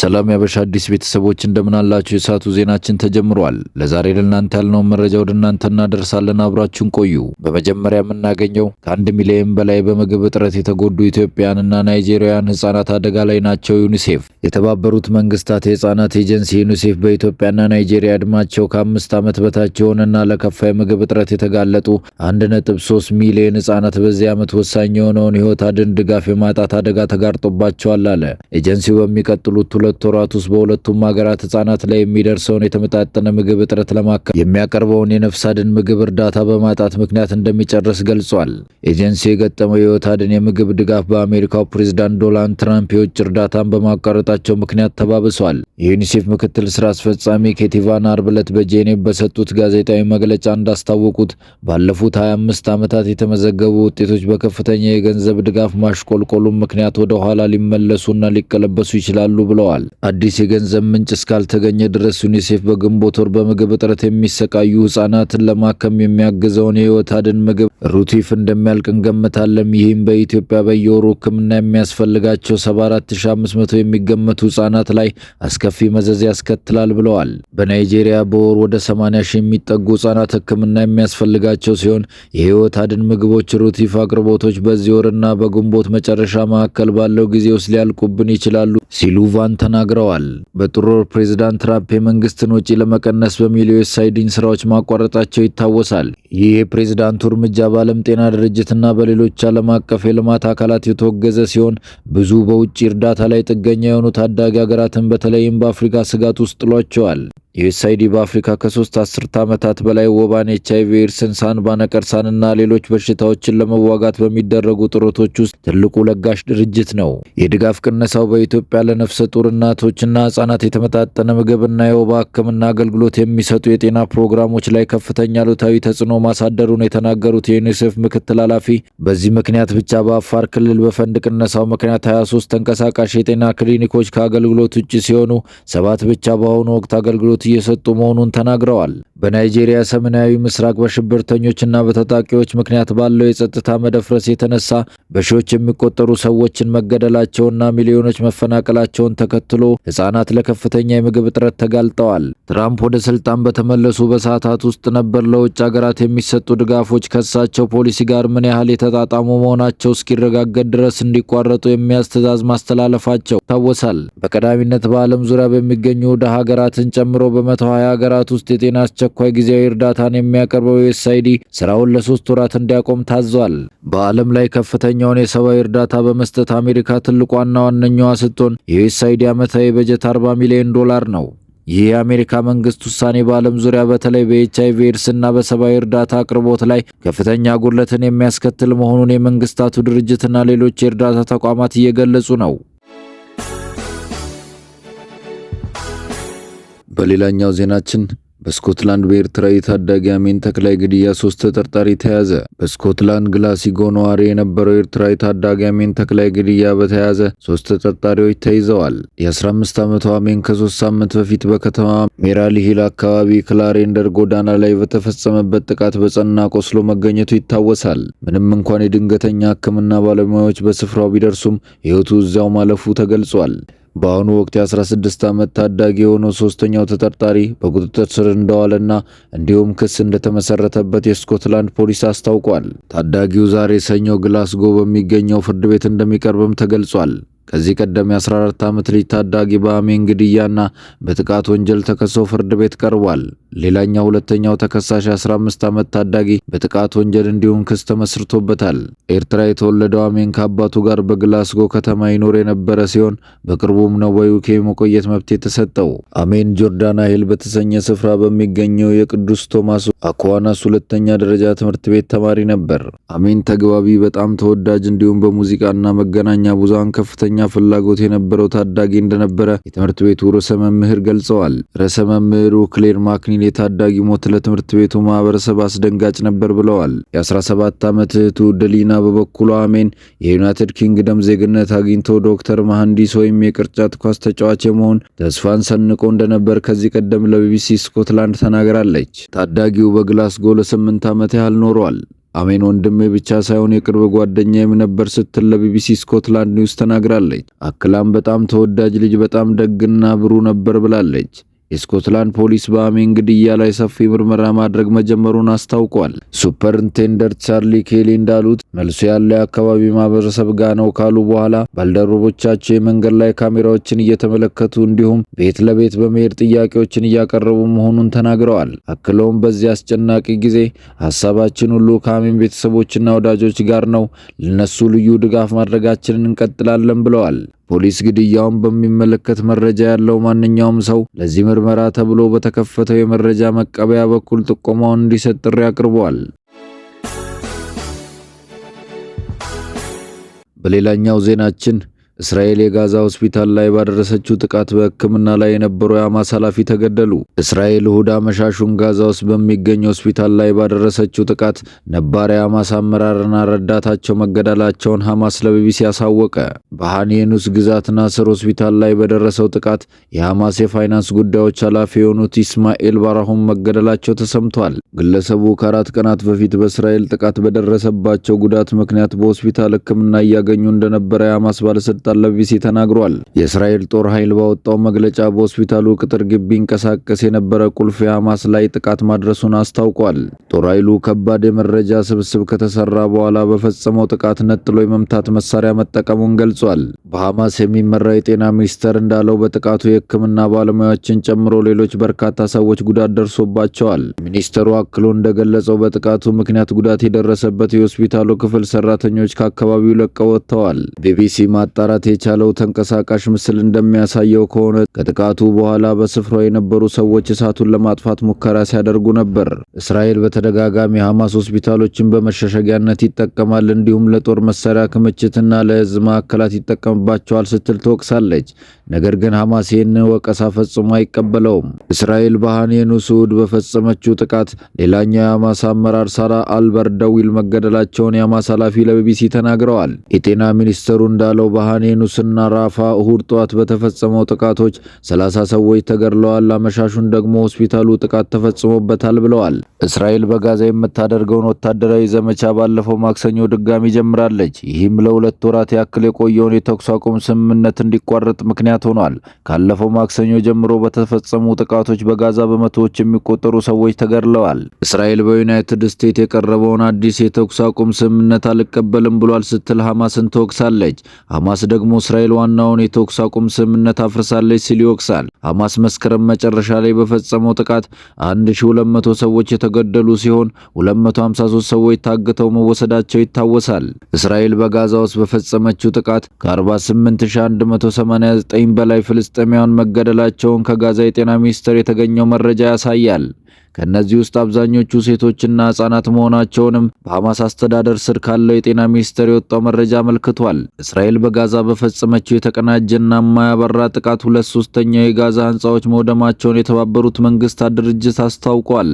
ሰላም ያበሻ አዲስ ቤተሰቦች አላችሁ? የሰዓቱ ዜናችን ተጀምሯል። ለዛሬ ለእናንተ ያልነውን መረጃ ወደ እናንተ እናደርሳለን። አብራችሁን ቆዩ። በመጀመሪያ የምናገኘው ከአንድ ሚሊዮን በላይ በምግብ እጥረት የተጎዱ ኢትዮጵያውያንና ናይጄሪያውያን ህጻናት አደጋ ላይ ናቸው። ዩኒሴፍ የተባበሩት መንግስታት የህጻናት ኤጀንሲ ዩኒሴፍ በኢትዮጵያና ናይጄሪያ እድማቸው ከአምስት ዓመት በታች የሆነና ለከፋ የምግብ እጥረት የተጋለጡ 1.3 ሚሊዮን ህጻናት በዚህ ዓመት ወሳኝ የሆነውን ህይወት አድን ድጋፍ የማጣት አደጋ ተጋርጦባቸዋል አለ። ኤጀንሲው በሚቀጥሉት በሁለት ወራት ውስጥ በሁለቱም ሀገራት ህጻናት ላይ የሚደርሰውን የተመጣጠነ ምግብ እጥረት ለማካ የሚያቀርበውን የነፍስ አድን ምግብ እርዳታ በማጣት ምክንያት እንደሚጨርስ ገልጿል። ኤጀንሲ የገጠመው የህይወት አድን የምግብ ድጋፍ በአሜሪካው ፕሬዚዳንት ዶናልድ ትራምፕ የውጭ እርዳታን በማቋረጣቸው ምክንያት ተባብሷል። የዩኒሴፍ ምክትል ስራ አስፈጻሚ ኬቲቫን ቫን አርብ ዕለት በጄኔቭ በሰጡት ጋዜጣዊ መግለጫ እንዳስታወቁት ባለፉት 25 ዓመታት የተመዘገቡ ውጤቶች በከፍተኛ የገንዘብ ድጋፍ ማሽቆልቆሉን ምክንያት ወደ ኋላ ሊመለሱና ሊቀለበሱ ይችላሉ ብለዋል። ተናግረዋል። አዲስ የገንዘብ ምንጭ እስካልተገኘ ድረስ ዩኒሴፍ በግንቦት ወር በምግብ እጥረት የሚሰቃዩ ህጻናትን ለማከም የሚያግዘውን የህይወት አድን ምግብ ሩቲፍ እንደሚያልቅ እንገምታለን። ይህም በኢትዮጵያ በየወሩ ህክምና የሚያስፈልጋቸው 74500 የሚገመቱ ህጻናት ላይ አስከፊ መዘዝ ያስከትላል ብለዋል። በናይጄሪያ በወር ወደ 80 ሺህ የሚጠጉ ህጻናት ህክምና የሚያስፈልጋቸው ሲሆን የህይወት አድን ምግቦች ሩቲፍ አቅርቦቶች በዚህ ወርና በግንቦት መጨረሻ መካከል ባለው ጊዜ ውስጥ ሊያልቁብን ይችላሉ ሲሉ ቫንተ ተናግረዋል። በጥሩ ፕሬዚዳንት ትራምፕ የመንግስትን ወጪ ለመቀነስ በሚል የዩኤስአይዲን ስራዎች ማቋረጣቸው ይታወሳል። ይህ የፕሬዚዳንቱ እርምጃ በዓለም ጤና ድርጅትና በሌሎች ዓለም አቀፍ የልማት አካላት የተወገዘ ሲሆን ብዙ በውጭ እርዳታ ላይ ጥገኛ የሆኑ ታዳጊ ሀገራትን በተለይም በአፍሪካ ስጋት ውስጥ ጥሏቸዋል። ዩኤስአይዲ በአፍሪካ ከሶስት አስርተ ዓመታት በላይ ወባን፣ ኤች አይቪ ኤድስን፣ ሳንባ ነቀርሳንና ሌሎች በሽታዎችን ለመዋጋት በሚደረጉ ጥረቶች ውስጥ ትልቁ ለጋሽ ድርጅት ነው። የድጋፍ ቅነሳው በኢትዮጵያ ለነፍሰ ጡር እናቶችና ህጻናት የተመጣጠነ ምግብና የወባ ሕክምና አገልግሎት የሚሰጡ የጤና ፕሮግራሞች ላይ ከፍተኛ አሉታዊ ተጽዕኖ ማሳደሩን የተናገሩት የዩኒሴፍ ምክትል ኃላፊ በዚህ ምክንያት ብቻ በአፋር ክልል በፈንድ ቅነሳው ምክንያት 23 ተንቀሳቃሽ የጤና ክሊኒኮች ከአገልግሎት ውጭ ሲሆኑ ሰባት ብቻ በአሁኑ ወቅት አገልግሎት አገልግሎት እየሰጡ መሆኑን ተናግረዋል። በናይጄሪያ ሰሜናዊ ምስራቅ በሽብርተኞችና በታጣቂዎች ምክንያት ባለው የጸጥታ መደፍረስ የተነሳ በሺዎች የሚቆጠሩ ሰዎችን መገደላቸውና ሚሊዮኖች መፈናቀላቸውን ተከትሎ ሕፃናት ለከፍተኛ የምግብ እጥረት ተጋልጠዋል። ትራምፕ ወደ ስልጣን በተመለሱ በሰዓታት ውስጥ ነበር ለውጭ ሀገራት የሚሰጡ ድጋፎች ከእሳቸው ፖሊሲ ጋር ምን ያህል የተጣጣሙ መሆናቸው እስኪረጋገጥ ድረስ እንዲቋረጡ የሚያስ ትዕዛዝ ማስተላለፋቸው ይታወሳል። በቀዳሚነት በዓለም ዙሪያ በሚገኙ ወደ ሀገራትን ጨምሮ በመቶ ሀያ ሀገራት ውስጥ የጤና አስቸኳይ ጊዜያዊ እርዳታን የሚያቀርበው ዩኤስአይዲ ስራውን ለሶስት ወራት እንዲያቆም ታዟል። በዓለም ላይ ከፍተኛውን የሰብአዊ እርዳታ በመስጠት አሜሪካ ትልቋና ዋነኛዋ ስትሆን የዩኤስአይዲ ዓመታዊ በጀት 40 ሚሊዮን ዶላር ነው። ይህ የአሜሪካ መንግስት ውሳኔ በዓለም ዙሪያ በተለይ በኤች ኤድስ እና በሰብአዊ እርዳታ አቅርቦት ላይ ከፍተኛ ጉድለትን የሚያስከትል መሆኑን የመንግስታቱ ድርጅትና ሌሎች የእርዳታ ተቋማት እየገለጹ ነው። በሌላኛው ዜናችን በስኮትላንድ በኤርትራዊ ታዳጊ አሜን ተክላይ ግድያ ሶስት ተጠርጣሪ ተያዘ። በስኮትላንድ ግላሲጎ ነዋሪ የነበረው ኤርትራ የታዳጊ አሜን ተክላይ ግድያ በተያዘ ሶስት ተጠርጣሪዎች ተይዘዋል። የ15 ዓመቱ አሜን ከሶስት ሳምንት በፊት በከተማ ሜራሊሂል አካባቢ ክላሬንደር ጎዳና ላይ በተፈጸመበት ጥቃት በጸና ቆስሎ መገኘቱ ይታወሳል። ምንም እንኳን የድንገተኛ ሕክምና ባለሙያዎች በስፍራው ቢደርሱም ሕይወቱ እዚያው ማለፉ ተገልጿል። በአሁኑ ወቅት የ16 ዓመት ታዳጊ የሆነው ሶስተኛው ተጠርጣሪ በቁጥጥር ስር እንደዋለና እንዲሁም ክስ እንደተመሰረተበት የስኮትላንድ ፖሊስ አስታውቋል። ታዳጊው ዛሬ ሰኞ ግላስጎ በሚገኘው ፍርድ ቤት እንደሚቀርብም ተገልጿል። ከዚህ ቀደም የ14 ዓመት ልጅ ታዳጊ በአሜን ግድያና በጥቃት ወንጀል ተከሶ ፍርድ ቤት ቀርቧል። ሌላኛው ሁለተኛው ተከሳሽ 15 ዓመት ታዳጊ በጥቃት ወንጀል እንዲሁም ክስ ተመስርቶበታል። ኤርትራ የተወለደው አሜን ከአባቱ ጋር በግላስጎ ከተማ ይኖር የነበረ ሲሆን በቅርቡም ነው በዩኬ መቆየት መብት የተሰጠው። አሜን ጆርዳን ሂል በተሰኘ ስፍራ በሚገኘው የቅዱስ ቶማስ አኳናስ ሁለተኛ ደረጃ ትምህርት ቤት ተማሪ ነበር። አሜን ተግባቢ፣ በጣም ተወዳጅ እንዲሁም በሙዚቃና መገናኛ ብዙሃን ከፍተኛ ፍላጎት የነበረው ታዳጊ እንደነበረ የትምህርት ቤቱ ርዕሰ መምህር ገልጸዋል። ርዕሰ መምህሩ ክሌር ማክኒን የታዳጊ ሞት ለትምህርት ቤቱ ማህበረሰብ አስደንጋጭ ነበር ብለዋል። የ17 ዓመት እህቱ ደሊና በበኩሉ አሜን የዩናይትድ ኪንግደም ዜግነት አግኝቶ ዶክተር መሐንዲስ ወይም የቅርጫት ኳስ ተጫዋች የመሆን ተስፋን ሰንቆ እንደነበር ከዚህ ቀደም ለቢቢሲ ስኮትላንድ ተናግራለች። ታዳጊው በግላስጎ ለስምንት ዓመት ያህል ኖሯል። አሜን ወንድሜ ብቻ ሳይሆን የቅርብ ጓደኛዬም ነበር ስትል ለቢቢሲ ስኮትላንድ ኒውስ ተናግራለች። አክላም በጣም ተወዳጅ ልጅ፣ በጣም ደግና ብሩ ነበር ብላለች። የስኮትላንድ ፖሊስ በአሜን ግድያ ላይ ሰፊ ምርመራ ማድረግ መጀመሩን አስታውቋል። ሱፐርንቴንደር ቻርሊ ኬሊ እንዳሉት መልሶ ያለው የአካባቢ ማህበረሰብ ጋ ነው ካሉ በኋላ ባልደረቦቻቸው የመንገድ ላይ ካሜራዎችን እየተመለከቱ እንዲሁም ቤት ለቤት በመሄድ ጥያቄዎችን እያቀረቡ መሆኑን ተናግረዋል። አክለውም በዚህ አስጨናቂ ጊዜ ሀሳባችን ሁሉ ከአሜን ቤተሰቦችና ወዳጆች ጋር ነው፣ ለነሱ ልዩ ድጋፍ ማድረጋችንን እንቀጥላለን ብለዋል። ፖሊስ ግድያውን በሚመለከት መረጃ ያለው ማንኛውም ሰው ለዚህ ምርመራ ተብሎ በተከፈተው የመረጃ መቀበያ በኩል ጥቆማውን እንዲሰጥ ጥሪ አቅርበዋል። በሌላኛው ዜናችን እስራኤል የጋዛ ሆስፒታል ላይ ባደረሰችው ጥቃት በሕክምና ላይ የነበሩ የሐማስ ኃላፊ ተገደሉ። እስራኤል እሁድ አመሻሹን ጋዛ ውስጥ በሚገኝ ሆስፒታል ላይ ባደረሰችው ጥቃት ነባር የሐማስ አመራርና ረዳታቸው መገደላቸውን ሐማስ ለቢቢሲ አሳወቀ። በሃን ዩኒስ ግዛት ናስር ሆስፒታል ላይ በደረሰው ጥቃት የሐማስ የፋይናንስ ጉዳዮች ኃላፊ የሆኑት ኢስማኤል ባራሁም መገደላቸው ተሰምቷል። ግለሰቡ ከአራት ቀናት በፊት በእስራኤል ጥቃት በደረሰባቸው ጉዳት ምክንያት በሆስፒታል ሕክምና እያገኙ እንደነበረ የሐማስ ባለስልጣ እንዳልተቆጣጠር ለቢቢሲ ተናግሯል። የእስራኤል ጦር ኃይል ባወጣው መግለጫ በሆስፒታሉ ቅጥር ግቢ ይንቀሳቀስ የነበረ ቁልፍ የሐማስ ላይ ጥቃት ማድረሱን አስታውቋል። ጦር ኃይሉ ከባድ የመረጃ ስብስብ ከተሰራ በኋላ በፈጸመው ጥቃት ነጥሎ የመምታት መሳሪያ መጠቀሙን ገልጿል። በሐማስ የሚመራ የጤና ሚኒስቴር እንዳለው በጥቃቱ የሕክምና ባለሙያዎችን ጨምሮ ሌሎች በርካታ ሰዎች ጉዳት ደርሶባቸዋል። ሚኒስተሩ አክሎ እንደገለጸው በጥቃቱ ምክንያት ጉዳት የደረሰበት የሆስፒታሉ ክፍል ሰራተኞች ከአካባቢው ለቀው ወጥተዋል። ቢቢሲ ማጣራት መውጣት የቻለው ተንቀሳቃሽ ምስል እንደሚያሳየው ከሆነ ከጥቃቱ በኋላ በስፍራው የነበሩ ሰዎች እሳቱን ለማጥፋት ሙከራ ሲያደርጉ ነበር። እስራኤል በተደጋጋሚ ሐማስ ሆስፒታሎችን በመሸሸጊያነት ይጠቀማል፣ እንዲሁም ለጦር መሳሪያ ክምችትና ለህዝብ ማዕከላት ይጠቀምባቸዋል ስትል ትወቅሳለች። ነገር ግን ሐማስ ይህን ወቀሳ ፈጽሞ አይቀበለውም። እስራኤል በሐኔኑ ስዑድ በፈጸመችው ጥቃት ሌላኛው የሐማስ አመራር ሳራ አልበርደዊል መገደላቸውን የሐማስ ኃላፊ ለቢቢሲ ተናግረዋል። የጤና ሚኒስተሩ እንዳለው በሐኔ ኑስና ራፋ እሁድ ጠዋት በተፈጸመው ጥቃቶች 30 ሰዎች ተገድለዋል፣ አመሻሹን ደግሞ ሆስፒታሉ ጥቃት ተፈጽሞበታል ብለዋል። እስራኤል በጋዛ የምታደርገውን ወታደራዊ ዘመቻ ባለፈው ማክሰኞ ድጋሚ ጀምራለች። ይህም ለሁለት ወራት ያክል የቆየውን የተኩስ አቁም ስምምነት እንዲቋረጥ ምክንያት ሆኗል። ካለፈው ማክሰኞ ጀምሮ በተፈጸሙ ጥቃቶች በጋዛ በመቶዎች የሚቆጠሩ ሰዎች ተገድለዋል። እስራኤል በዩናይትድ ስቴትስ የቀረበውን አዲስ የተኩስ አቁም ስምምነት አልቀበልም ብሏል ስትል ሐማስን ትወቅሳለች። ሐማስ ደግሞ እስራኤል ዋናውን የተኩስ አቁም ስምምነት አፍርሳለች ሲል ይወቅሳል። ሐማስ መስከረም መጨረሻ ላይ በፈጸመው ጥቃት 1200 ሰዎች የተገደሉ ሲሆን 253 ሰዎች ታግተው መወሰዳቸው ይታወሳል። እስራኤል በጋዛ ውስጥ በፈጸመችው ጥቃት ከ48189 በላይ ፍልስጤማውያን መገደላቸውን ከጋዛ የጤና ሚኒስቴር የተገኘው መረጃ ያሳያል። ከእነዚህ ውስጥ አብዛኞቹ ሴቶችና ህጻናት መሆናቸውንም በሐማስ አስተዳደር ስር ካለው የጤና ሚኒስቴር የወጣው መረጃ አመልክቷል። እስራኤል በጋዛ በፈጸመችው የተቀናጀና የማያበራ ጥቃት ሁለት ሶስተኛው የጋዛ ህንፃዎች መውደማቸውን የተባበሩት መንግስታት ድርጅት አስታውቋል።